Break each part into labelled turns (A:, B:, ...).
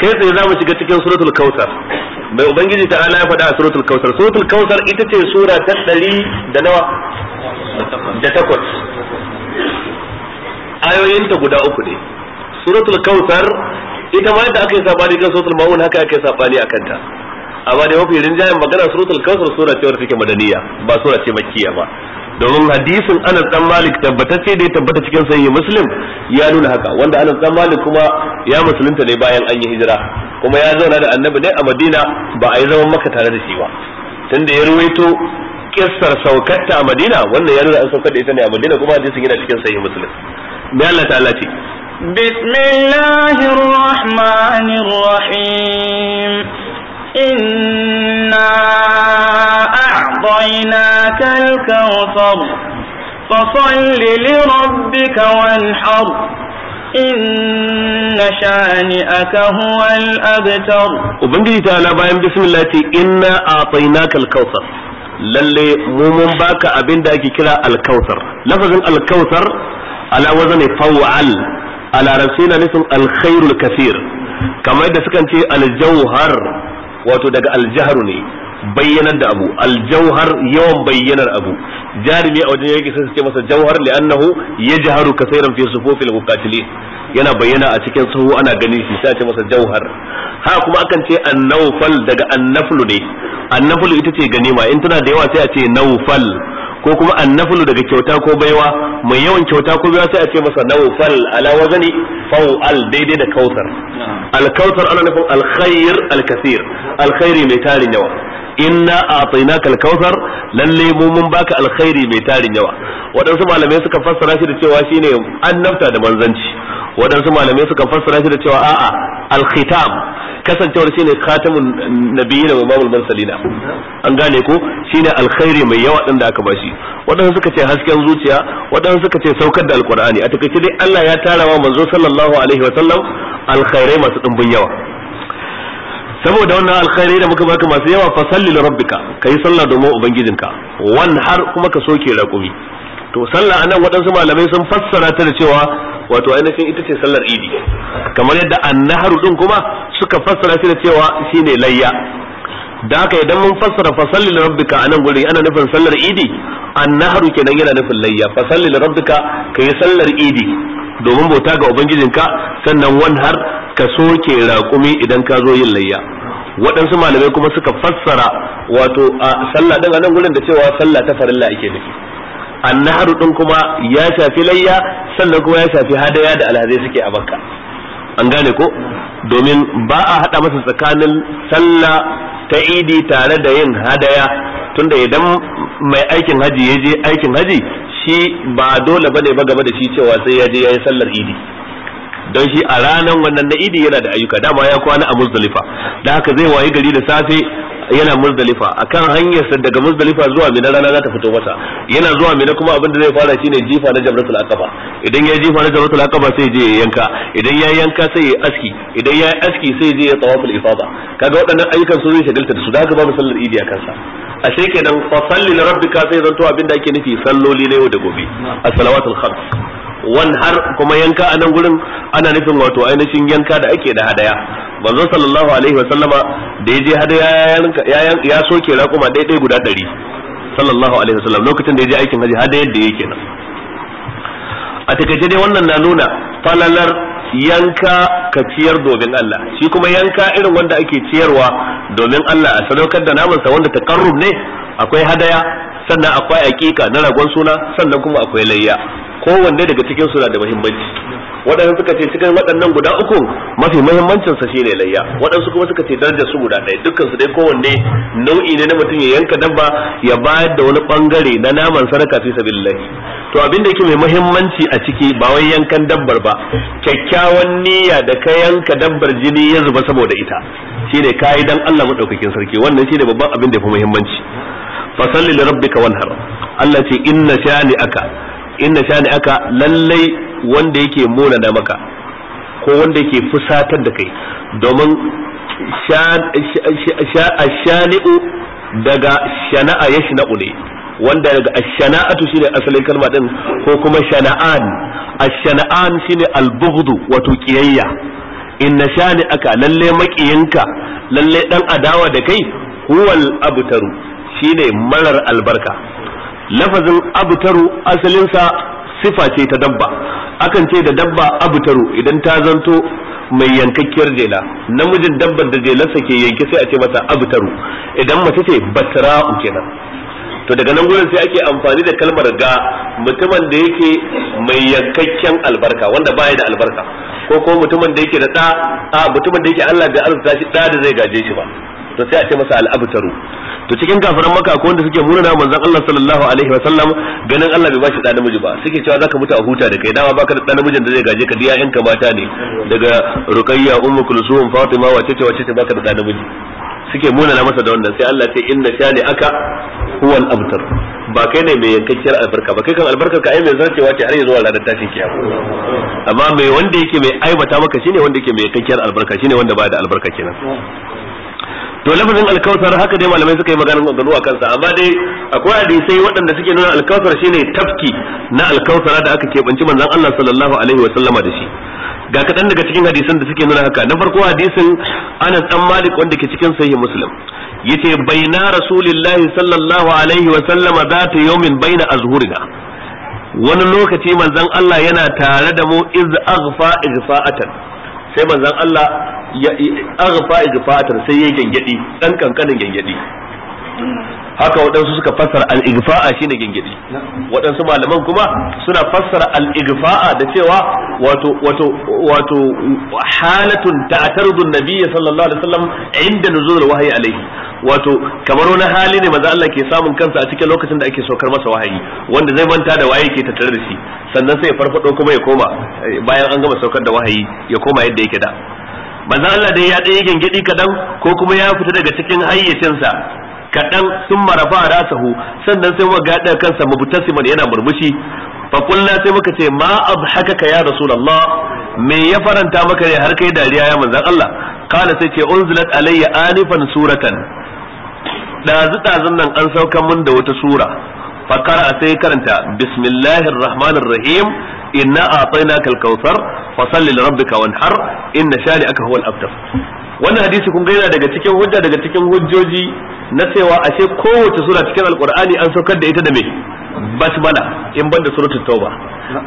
A: kai tsaye za mu shiga cikin suratul kautsar mai ubangiji ta ala ya faɗa a suratul kautsar suratul kautsar ita ce sura ta ɗari da nawa da takwas ayoyinta guda uku ne suratul kautsar ita ma yadda aka yi sabani kan suratul ma'un haka aka yi sabani a kanta amma dai mafi rinjayen magana suratul kawthar sura ce wadda take madaniya ba sura ce makkiya ba domin hadisin anas dan malik tabbatacce da ya tabbata cikin sahihi muslim ya nuna haka wanda anas dan malik kuma ya musulunta ne bayan an yi hijira kuma ya zauna da annabi ne a madina ba a yi zaman maka tare da shi ba tunda ya ruwaito kissar saukarta a madina wannan ya nuna an saukar da ita ne a madina kuma hadisin yana cikin sahihi muslim me Allah ta'ala ce
B: bismillahir rahmanir rahim. إنا أعطيناك الكوثر فصل لربك وانحر إن شانئك هو الأبتر
A: وبنجي تعالى بايم بسم الله إنا أعطيناك الكوثر lalle mu mun baka abin da ake kira alkautar lafazin alkautar ala wazani faw'al a larabci na nufin alkhairul kasir kamar yadda sukan ce aljauhar wato daga aljahar ne bayyanar da abu aljauhar yawan bayyanar abu jarumi a wajen yaki sai su ce masa jawhar li'annahu yajharu kaseeran fi sufufil muqatilin yana bayyana a cikin sahu ana ganin shi sai a ce masa jawhar ha kuma akan ce annawfal daga annaflu ne annaflu ita ce ganima in tana da yawa sai a ce nawfal ko kuma annaflu daga kyauta ko baiwa mai yawan kyauta ko baiwa sai a ce masa nawfal ala wazani al, daidai da kautar al kautar ana nufin al khair al kaseer al khairi mai tarin yawa inna a'tainaka al-kautsar lalle mu mun baka alkhairi mai tarin yawa wadansu malamai suka fassara shi da cewa shine annabta da manzanci wadansu malamai suka fassara shi da cewa a'a al-khitam kasancewar shine khatamun nabiyyi da imamul mursalina an gane ko shine alkhairi mai yawa din da aka bashi wadansu suka ce hasken zuciya wadansu suka ce saukar da alqur'ani a takaice dai Allah ya tara wa manzo sallallahu alaihi wa sallam alkhairai masu dimbin yawa saboda wannan alkhairi da muka baka masu yawa fa salli li rabbika kai sallah domin ubangijinka wan har kuma ka soke raqumi to sallah anan waɗansu malamai sun fassara ta da cewa wato ainihin ita ce sallar idi kamar yadda annaharu din kuma suka fassara shi da cewa shine layya da haka idan mun fassara fa salli li rabbika anan gurin ana nufin sallar idi annaharu kenan yana nufin layya fa salli li rabbika kai sallar idi domin bauta ga ubangijinka sannan wan har ka soke raƙumi idan ka zo yin layya waɗansu malamai kuma suka fassara wato a sallah ɗin a nan gurin da cewa sallah ta farilla ake nufi annaharu ɗin kuma ya shafi layya sannan kuma ya shafi hadaya da alhazai suke a bakka an gane ko domin ba a haɗa masa tsakanin sallah ta idi tare da yin hadaya tunda idan mai aikin haji ya je aikin haji shi ba dole bane ba game da shi cewa sai ya je yayi sallar idi don shi a ranan wannan na idi yana da ayyuka dama ya kwana a muzdalifa da haka zai wayi gari da safe yana muzdalifa akan hanyarsa daga muzdalifa zuwa mina rana za ta fito masa yana zuwa mina kuma abin da zai fara shine jifa na jabratul aqaba idan ya jifa na jabratul aqaba sai je ya yanka idan ya yanka sai ya aski idan ya aski sai je ya tawaful ifada kaga waɗannan ayyukan su zai shagalta da su da haka mu sallar idi a kansa ashe kenan fa salli li rabbika sai zanto abinda ake nufi salloli na yau da gobe as-salawatul khams wan har kuma yanka a nan gurin ana nufin wato ainihin yanka da ake da hadaya manzo sallallahu alaihi wa sallama da yaje hadaya ya soke raƙuma dai guda ɗari sallallahu alaihi wa lokacin da yaje aikin haji hadayar da yake nan a takaice dai wannan na nuna falalar yanka ka ciyar domin Allah shi kuma yanka irin wanda ake ciyarwa domin Allah a sadaukar da naman sa wanda taqarrub ne akwai hadaya sannan akwai aqiqa na ragon suna sannan kuma akwai layya kowanne daga cikin su na da muhimmanci waɗansu suka ce cikin waɗannan guda uku mafi muhimmancinsa sa ne layya waɗansu kuma suka ce darajar su guda ɗaya dukkan su dai kowanne nau'i ne na mutum ya yanka dabba ya bayar da wani bangare na naman sadaka fi sabilillahi to abin da yake mai muhimmanci a ciki ba wai yankan dabbar ba kyakkyawan niyya da ka yanka dabbar jini ya zuba saboda ita shine kai dan Allah madaukakin sarki wannan shine babban abin da yafi muhimmanci fasalli li rabbika wanhar Allah ce inna shani aka inna shani aka lallai wanda yake munana maka ko wanda yake fusatar da kai domin shani'u daga shana'a ya shana'u ne wanda daga shi shine asalin kalma din ko kuma shana'an ashana'an shine albughdu wato kiyayya inna shani aka lalle makiyinka lalle dan adawa da kai huwal abtaru shine marar albarka lafazin abtaru asalinsa sifa ce ta dabba akan ce da dabba abutaru idan ta zanto mai yankakkiyar jela namijin dabbar da jelarsa ke yanke sai a ce masa abutaru idan mace ce batra'u kenan to daga nan gurin sai ake amfani da kalmar ga mutumin da yake mai yankakken albarka wanda baya da albarka ko ko mutumin da yake da da a mutumin da yake Allah da arzuta shi da da zai gaje shi ba to sai a ce masa al'abtaru to cikin kafiran maka ko wanda suke murna manzon Allah sallallahu alaihi wa sallam ganin Allah bai bashi da namiji ba suke cewa zaka mutu a huta da kai dama baka da namijin da zai gaje ka diya yanka mata ne daga ruqayya ummu kulsum fatima wace ce wace ce baka da namiji suke munana masa da wannan sai Allah ce inna shali aka huwal abtar ba kai ne mai yankakkiyar albarka ba kai kan albarkar ka ai mai zarcewa ce har yanzu zuwa ranar tashin kiyama amma mai wanda yake mai aibata maka shine wanda yake mai yankakkiyar albarka shine wanda ba da albarka kenan to lafazin alkawthar haka dai malamai suka yi maganar gano a kansa amma dai akwai hadisai waɗanda suke nuna alkawthar shine tafki na alkawthara da aka keɓanci manzon Allah sallallahu alaihi wa sallama da shi ga kaɗan daga cikin hadisan da suke nuna haka na farko hadisin Anas dan Malik wanda ke cikin sahihi Muslim yace baina rasulillahi sallallahu alaihi wa sallama zata yawmin baina azhurina wani lokaci manzon Allah yana tare da mu iz aghfa ighfa'atan sai manzon Allah ya aghfa igfa'atan sai yi gyangyaɗi. dan kankanin gyangyaɗi. haka waɗansu suka fassara al-igfa'a shine gyangyaɗi. waɗansu malaman kuma suna fassara al-igfa'a da cewa wato wato wato halatun ta'tarudu an sallallahu alaihi wasallam inda nuzul wahyi alaihi wato kamar wani hali ne maza Allah ke samun kansa a cikin lokacin da ake saukar masa wahayi wanda zai manta da waye ke tattare da shi sannan sai ya farfado kuma ya koma bayan an gama saukar da wahayi ya koma yadda yake da manzon Allah dai ya dai gingidi kaɗan ko kuma ya fita daga cikin hayyacinsa kaɗan sun marafa rasahu sannan sai muka gaɗa kansa mubtasiman yana murmushi fa sai muka ce ma ka ya rasulullah me ya faranta maka ne har kai dariya ya manzon Allah kala sai ce unzilat alayya anifan suratan dazu dazun nan an sauka mun da wata sura fakara sai karanta bismillahir rahmanir rahim inna a'tainakal kautsar fa salli li rabbika wanhar inna shani'aka huwal abtar wannan hadisi kun ga yana daga cikin hujja daga cikin hujjoji na cewa ashe kowace sura cikin alqur'ani an saukar da ita da me basmala in banda suratul tauba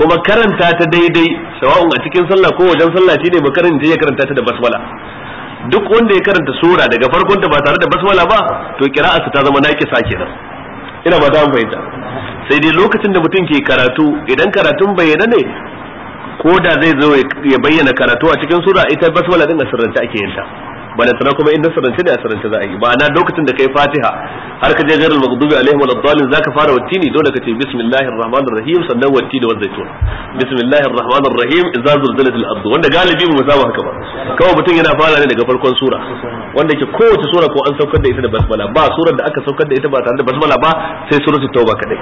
A: kuma karanta ta daidai sawa'un a cikin sallah ko wajen sallah shine ba karanta ya karanta ta da basmala duk wanda ya karanta sura daga farkon ta ba tare da basmala ba to qira'atu ta zama kisa kenan ina ba ta fahimta sai dai lokacin da mutum ke karatu idan karatun bayyana ne ko da zai zo ya bayyana karatu a cikin sura ita basmala din asirranta sirrance ake yin ta balantana kuma inda nasarance ne a sarance za a yi ma'ana lokacin da kai fatiha har ka je garin maghdubi alaihim wal dhalin zaka fara wattini dole ka ce bismillahir rahmanir rahim sannan watti da wazaitun bismillahir rahmanir rahim idza zulzilatil ardu wanda galibi mu saba haka ba kawai mutum yana fara ne daga farkon sura wanda ke kowace sura ko an saukar da ita da basmala ba surar da aka saukar da ita ba tare da basmala ba sai suratul tauba kadai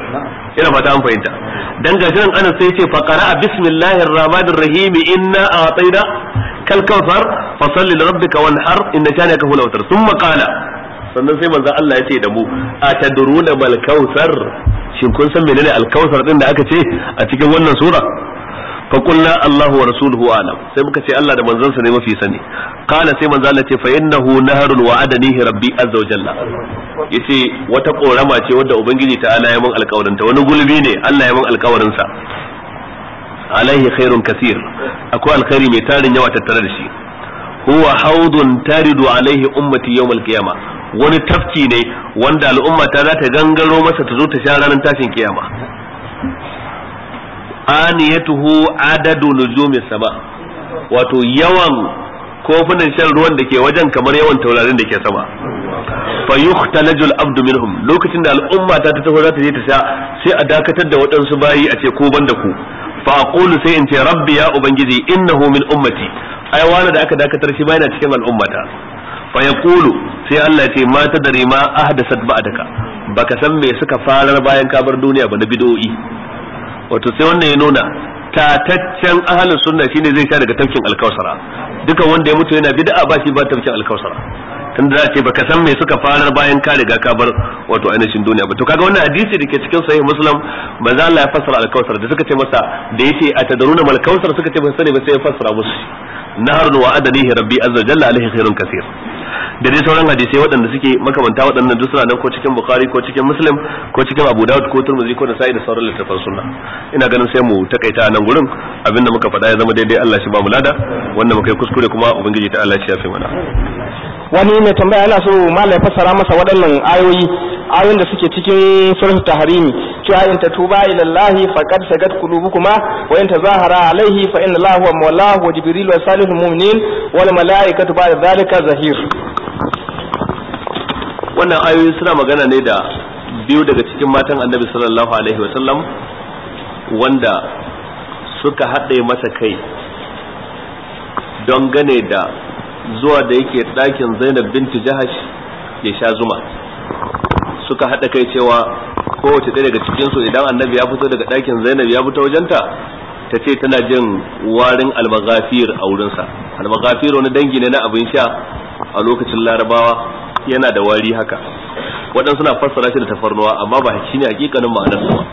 A: ina fata an fahimta dan gashin anan sai ce faqara bismillahir rahmanir rahim inna a'tayna kalkawfar fa salli li rabbika wanhar inna shanaka huwa al-abtar thumma qala sannan sai manzo Allah ya ce da mu atadruna bal kautsar shin kun san menene al-kautsar din da aka ce a cikin wannan sura fa qulna Allahu wa rasuluhu alam sai muka ce Allah da sa ne mafi sani kana sai manzo Allah ce fa innahu naharun wa'adanihi rabbi azza wa jalla yace wata korama ce wadda ubangiji ta ala ya mun ta wani gulbi ne Allah ya mun alƙawarinsa alaihi khairun kasir akwai alkhairi mai tarin yawa tattare da shi huwa haudun taridu alaihi ummati yawmal qiyama wani tafki ne wanda al'umma ta za ta gangaro masa ta zo ta sha ranar tashin kiyama aniyatuhu adadu nujumi sama wato yawan kofunan shan ruwan da ke wajen kamar yawan taurarin da ke sama fa yuhtalajul abdu minhum lokacin da al'umma ta taho za ta je ta sha sai a dakatar da waɗansu bayi a ce ko ban da ku fa aqulu sai in ce rabbi ya ubangiji inna homin ummati ai wani da aka dakatar shi ba yana cikin al'ummata fa yaqulu sai Allah ce mata ma tadri ma ahdathat ba'daka baka san me suka fara bayan ka bar duniya ba na bid'o'i wato sai wannan ya nuna tataccen ahalin sunna shine zai sha daga tafkin alkausara dukan wanda ya mutu yana bid'a ba shi ba tafkin alkausara tunda a ce baka san me suka farar bayan ka riga ka bar wato ainihin duniya ba to kaga wannan hadisi da ke cikin sahih muslim manzo Allah ya fassara al da suka ce masa da yace atadruna mal kautsar suka ce ban sani ba sai ya fassara musu nahar wa adanihi rabbi azza jalla alaihi khairun kaseer da dai sauran hadisai waɗanda suke makamanta waɗannan duk suna nan ko cikin bukhari ko cikin muslim ko cikin abu daud ko turmuzi ko nasa'i da sauran littafan sunna ina ganin sai mu takaita nan gurin abinda muka faɗa ya zama daidai Allah shi ba mu lada wanda muka yi kuskure kuma ubangiji ta Allah shi ya fi mana
B: wani mai tambaya yana so malai fassara masa waɗannan ayoyi ayoyin da suke cikin surah tahrimi cewa in tatuba ila Allah faqad sagat qulubukuma wa in tazahara alaihi fa inna Allah huwa mawlahu wa jibril wa salihul mu'minin wal malaikatu ba'da zalika zahir
A: wannan ayoyi suna magana ne da biyu daga cikin matan annabi sallallahu alaihi wa sallam wanda suka haɗe masa kai don gane da zuwa da yake ɗakin zainab binti jahash ya sha zuma suka haɗa kai cewa kowace ɗaya daga cikinsu idan annabi ya fito daga ɗakin zainab ya fito wajenta ta ce tana jin warin almagafir a wurinsa almagafir wani dangi ne na abin sha a lokacin larabawa yana da wari haka waɗansu na fassara shi da tafarnuwa amma ba shi ne hakikanin ma'anar ba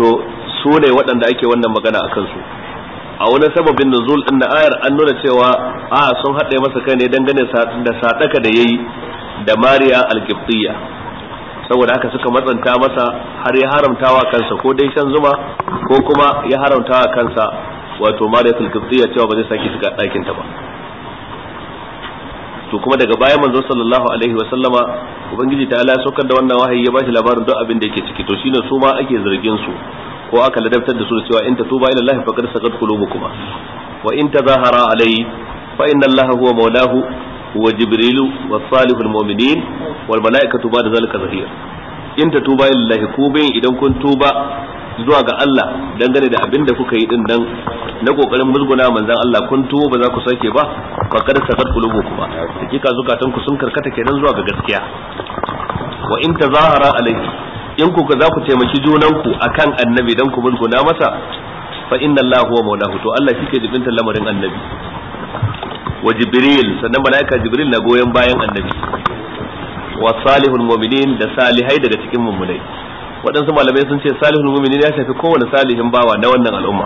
A: to su ne waɗanda ake wannan magana a kansu a wani sababin nuzul din na ayar an nuna cewa a sun haɗe masa kai ne dangane da sadaka da yayi da Mariya al-Qibtiyya saboda haka suka matsanta masa har ya haramtawa kansa ko dai shan zuma ko kuma ya haramtawa kansa wato Mariya al-Qibtiyya cewa ba zai saki shiga ɗakin ta ba to kuma daga baya manzo sallallahu alaihi wa sallama ubangiji ta Allah saukar da wannan wahayi ya bashi labarin duk abin da yake ciki to shine su ma ake zargin su ko aka ladabtar da su cewa in tuba ila Allah faqad saqat qulubukum wa in tazahara alai fa inna Allah huwa mawlahu wa jibrilu wa salihul mu'minin wal malaikatu ba'da zalika zahir in tuba ila Allah ku bayin idan kun tuba zuwa ga Allah dangane da abin da kuka yi din nan na kokarin musguna manzon Allah kun tuba ba za ku sake ba faqad saqat qulubukum hakika zukatan ku sun karkata kenan zuwa ga gaskiya wa in tazahara alai in ku za ku taimaki junanku akan annabi don ku na masa fa inna Allah huwa maulahu to Allah shi ke jibinta lamarin annabi wa jibril sannan malaika jibril na goyon bayan annabi wa salihul mu'minin da salihai daga cikin mummunai waɗansu malamai sun ce salihul mu'minin ya shafi kowane salihin bawa na wannan al'umma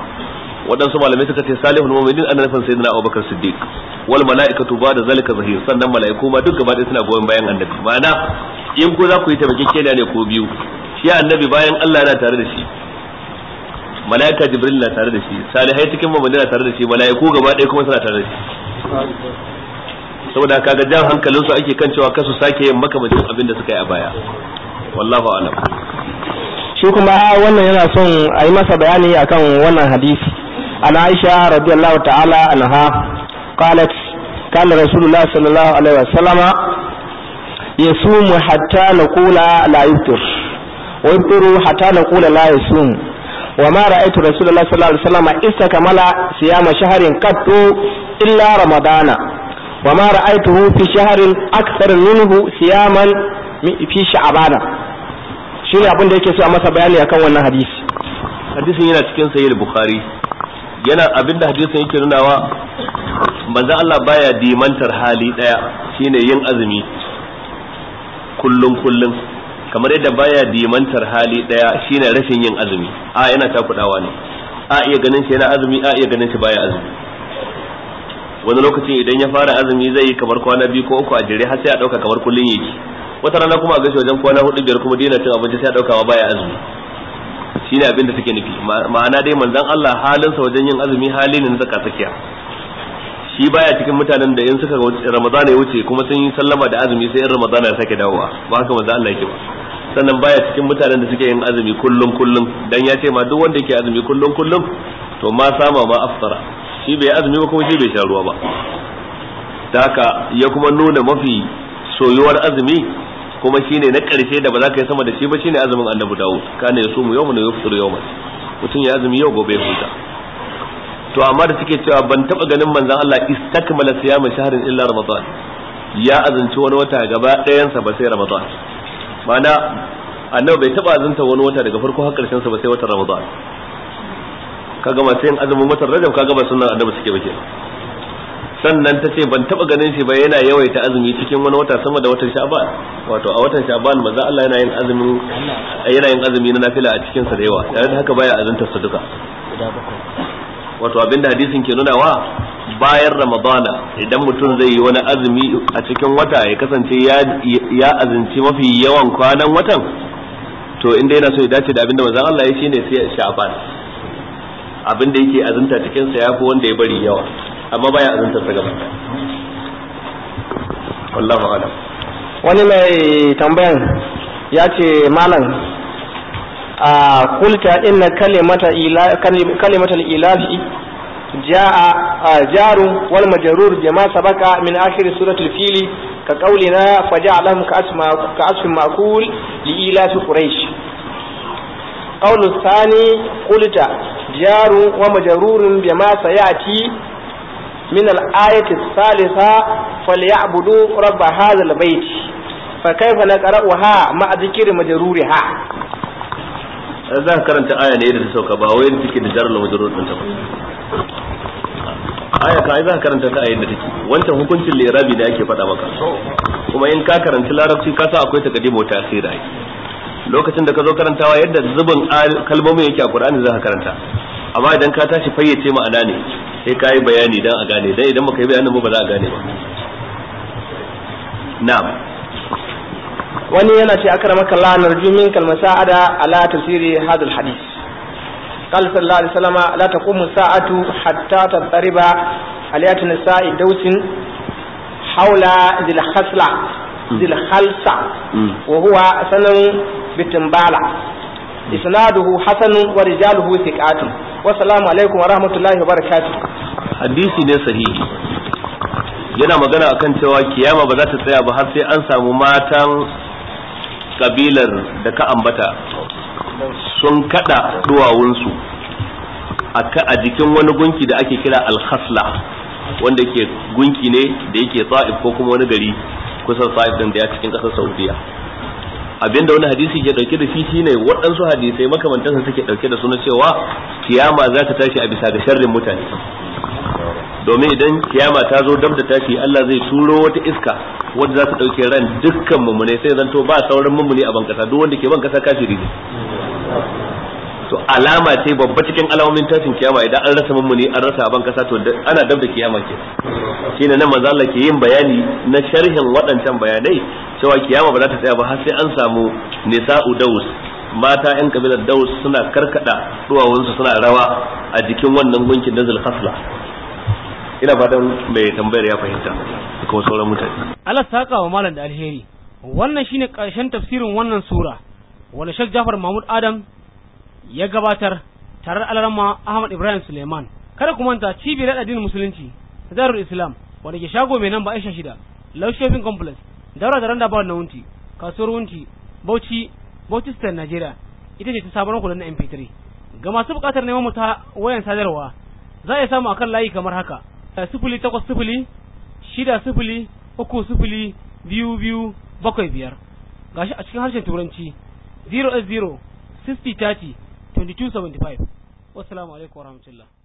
A: waɗansu malamai suka ce salihul mu'minin ana nufin sayyidina Abubakar Siddiq wal mala'ikatu ba da zalika zahir sannan mala'iku ma duk gaba ɗaya suna goyon bayan annabi ma'ana in ko za ku yi taimakekeniya ne ko biyu shi annabi bayan Allah yana tare da shi malaika jibril na tare da shi salihai cikin mamani na tare da shi malaiku gaba ɗaya kuma suna tare da shi saboda kaga jan hankalin su ake kan cewa kasu sake yin makamacin abin da suka yi a baya wallahu alam
B: shi kuma wannan yana son a yi masa bayani akan wannan hadisi an aisha radiyallahu ta'ala anha qalat kana rasulullahi sallallahu alaihi wasallama yasumu hatta naqula la yuftir wa yuftiru hatta naqula la yasum wa ma ra'aytu rasulullah sallallahu alaihi wasallam kamala siyama shahrin qattu illa ramadana wa ma ra'aytuhu fi shahrin akthar minhu siyaman fi sha'bana shine abin da yake so a masa bayani akan wannan hadisi
A: hadisin yana cikin sahih bukhari yana abin da hadisin yake nunawa manzo Allah baya dimantar hali daya shine yin azumi kullum kullum kamar yadda baya dimantar hali daya shine rashin yin azumi a yana takudawa ne a iya ganin shi yana azumi a iya ganin shi baya azumi wani lokaci idan ya fara azumi zai yi kamar kwana biyu ko uku a jere har sai a dauka kamar kullun yake wata rana kuma a gashi wajen kwana hudu biyar kuma dina cin abinci sai a dauka baya azumi shine abin da suke nufi ma'ana dai manzon Allah halinsa wajen yin azumi hali ne na saka tsakiya shi baya cikin mutanen da in suka ramadana ya wuce kuma sun yi sallama da azumi sai in ramadana ya sake dawowa ba haka manzo Allah yake ba sannan baya cikin mutanen da suke yin azumi kullum kullum dan ya ce ma duk wanda yake azumi kullum kullum to ma sama ma aftara shi bai azumi ba kuma shi bai sha ruwa ba ta haka ya kuma nuna mafi soyuwar azumi kuma shine na karshe da ba za ka yi sama da shi ba shine azumin annabi dawo kana yasumu yawman wa yafṭiru yawman mutum ya azumi yau gobe ya huta to amma da suke cewa ban taba ganin manzon Allah istakmala siyama shahrin illa ramadan ya azanci wani wata gaba ɗayan sa ba sai ramadan mana annabi bai taba azanta wani wata daga farko har karshen sa ba sai watan ramadan kaga ma sai azumin watan rajab kaga ba sunnan annabi suke ba ke? sannan ta ce ban taba ganin shi ba yana yawaita azumi cikin wani wata sama da watan sha'ban wato a watan sha'ban maza Allah yana yin azumi yana yin azumi na nafila a cikin sa da yawa tare haka baya azantar sa duka wato abin da hadisin ke nuna wa bayan ramadana idan mutum zai yi wani azumi a cikin wata ya kasance ya azinci mafi yawan kwanan watan to inda yana so ya dace da abin da mazan Allah ya shi ne sai abin da yake azinta cikin sa fi wanda ya bari yawa amma baya azinta sa gaba wallahu alam
B: wani mai tambayan ya ce malam a kulta din na kalimata ila kalimata ilahi jaa jaru wal majrur jama sabaka min akhir surati al-fil ka qawlina faja'alahum ka asma ka asfin ma'kul li ila quraish قول الثاني قلت جار ومجرور بما سيأتي من الآية الثالثة فليعبدوا رب هذا البيت فكيف نقرأها مع ذكر مجرورها
A: za ka karanta aya ne da ta sauka ba wai da take da jarar wajen din ta ba aya ka za ka karanta ta ayin da take wancan hukuncin lirabi da ake faɗa maka kuma in ka karanta larabci ka sa akwai takadimu ta akhira lokacin da ka zo karantawa yadda zubin kalmomin yake a Qur'ani za ka karanta amma idan ka tashi fayyace ma'ana ne sai ka yi bayani dan a gane dan idan baka yi bayanin ba za a gane ba na'am
B: wani yana ce akramaka Allah narju kalmasa ada ala tafsiri hadal hadith قال صلى الله عليه وسلم لا تقوم الساعة حتى تضرب عليات النساء دوس حول ذي الخصلة ذي الخلصة وهو سنن بتنبالة إسناده حسن ورجاله ثقات والسلام عليكم ورحمة الله وبركاته
A: حديثي ne sahihi yana magana akan cewa kiyama ba za ta tsaya ba har sai an samu matan kabilar da ka ambata sun kada duwawunsu a jikin wani gunki da ake kira alhasla wanda ke gunki ne da yake tsa'if ko kuma wani gari kusan tsa'if din da ya cikin kasar saudiya abinda wani hadisi ke dauke da shi shine waɗansu hadisai makamantansu suke dauke da suna cewa kiyama za ta tashi a bisa ga sharrin mutane domin idan kiyama ta zo dab da tashi Allah zai turo wata iska wanda za ta dauke ran dukkan mumune sai zanto ba sauran mumune a bankasa duk wanda ke bankasa kafiri ne to alama ce babba cikin alamomin tashin kiyama idan an rasa mumune an rasa a bankasa to ana dab da kiyama ke shine nan manzo Allah ke yin bayani na sharhin waɗancan bayanai cewa kiyama ba za ta tsaya ba har sai an samu nisa'u daus mata yan kabilar daus suna karkada duwawunsu suna rawa a jikin wannan gunkin na zulkhasla ina fatan mai tambayar ya fahimta da kuma sauran mutane
B: Allah ta wa malam da alheri wannan shine karshen tafsirin wannan sura wanda Sheikh Jafar Mahmud Adam ya gabatar tare da Alarma Ahmad Ibrahim Suleiman kada ku manta cibiyar addinin musulunci Darul Islam wanda ke shago mai namba Aisha shida Law Complex daura da randa na wunti kasuwar wunti Bauchi Bauchi Stan Nigeria ita ce ta sabon kudin na MP3 ga masu bukatar neman mu ta wayan sadarwa za a samu akan layi kamar haka sifili takwas sifili shida sifili uku sifili biyu biyu bakwai biyar gashi a cikin harshen turanci 0 0 60 30 22 75 wasu alaikum warahmatullahi